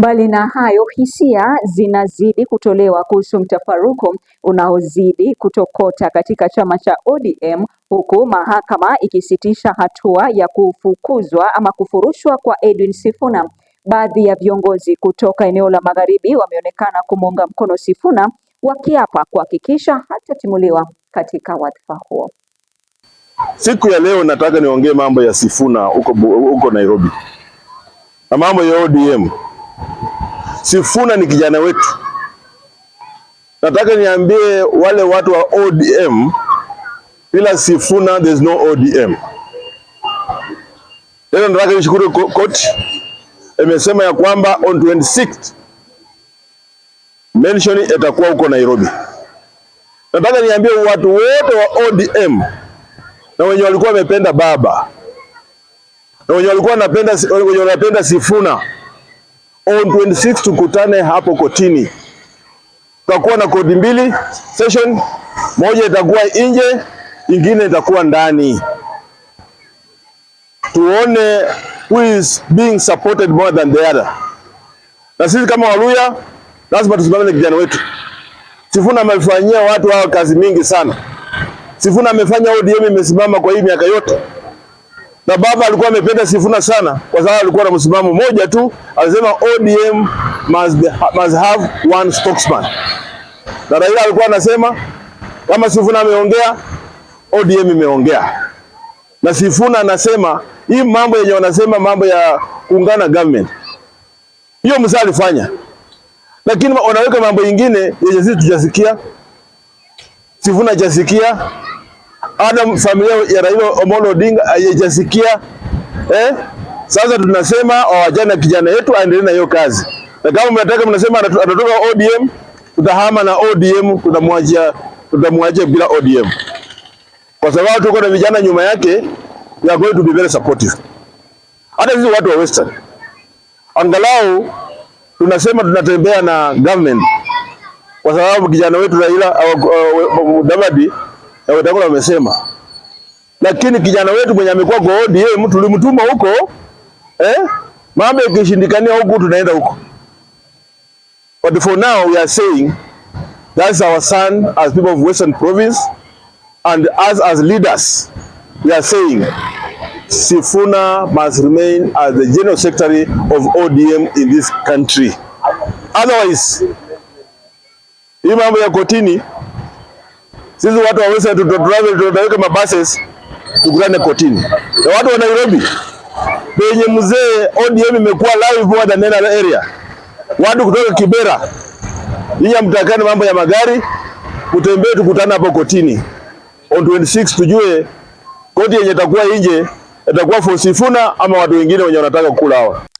Mbali na hayo, hisia zinazidi kutolewa kuhusu mtafaruku unaozidi kutokota katika chama cha ODM huku mahakama ikisitisha hatua ya kufukuzwa ama kufurushwa kwa Edwin Sifuna. Baadhi ya viongozi kutoka eneo la Magharibi wameonekana kumuunga mkono Sifuna wakiapa kuhakikisha hatatimuliwa katika wadhifa huo. Siku ya leo nataka niongee mambo ya Sifuna huko huko Nairobi na mambo ya ODM. Sifuna ni kijana wetu. Nataka niambie wale watu wa ODM, bila Sifuna there's no ODM. Tena nataka nishukuru koti imesema ya kwamba on 26th mention itakuwa huko Nairobi. Nataka niambie watu wote wa ODM na wenye walikuwa wamependa baba na wenye walikuwa wanapenda, wenye wanapenda Sifuna on 26 tukutane hapo kotini. Tutakuwa na kodi mbili session, moja itakuwa nje, ingine itakuwa ndani. Tuone who is being supported more than the other. Na sisi kama Waluya lazima tusimame na kijana wetu. Sifuna amefanyia watu hao kazi mingi sana. Sifuna amefanya ODM imesimama kwa hii miaka yote na baba alikuwa amependa Sifuna sana kwa sababu alikuwa na msimamo moja tu, alisema ODM must, be, must have one spokesman. Na Raila alikuwa anasema kama Sifuna ameongea ODM imeongea, na Sifuna anasema hii mambo yenye wanasema mambo ya kuungana government, hiyo msa alifanya, lakini wanaweka mambo ingine yenye sisi tujasikia, Sifuna jasikia Adam, familia ya Raila Omolo Odinga haijasikia eh? Sasa tunasema wajana, oh, kijana yetu aendelee na hiyo kazi, na kama mnataka mnasema atatoka ODM, tutahama na ODM, tutamwajia tutamwajia bila ODM, kwa sababu tuko na vijana nyuma yake, ya are going to be very supportive. Hata sisi watu wa Western angalau tunasema tunatembea na government, kwa sababu kijana wetu Raila uh, uh, uh, uh, uh, uh, uh, uh, na Wetangula wamesema, lakini kijana wetu mwenye amekuwa kwa ODM tulimtuma huko eh, mambo yakishindikania huku tunaenda huko. But for now we are saying that's our son as people of Western Province and us as leaders we are saying Sifuna must remain as the general secretary of ODM in this country otherwise hii mambo ya kotini sisi watu waweza tuto travel tutaweka mabuses tukutane kotini. Na watu wa Nairobi penye mzee ODM imekuwa live more than any area. Watu kutoka Kibera, ninyi mtakane mambo ya magari, mtembee tukutane hapo kotini. On 26 tujue koti yenye itakuwa nje itakuwa for Sifuna ama watu wengine wenye wanataka kula hawa.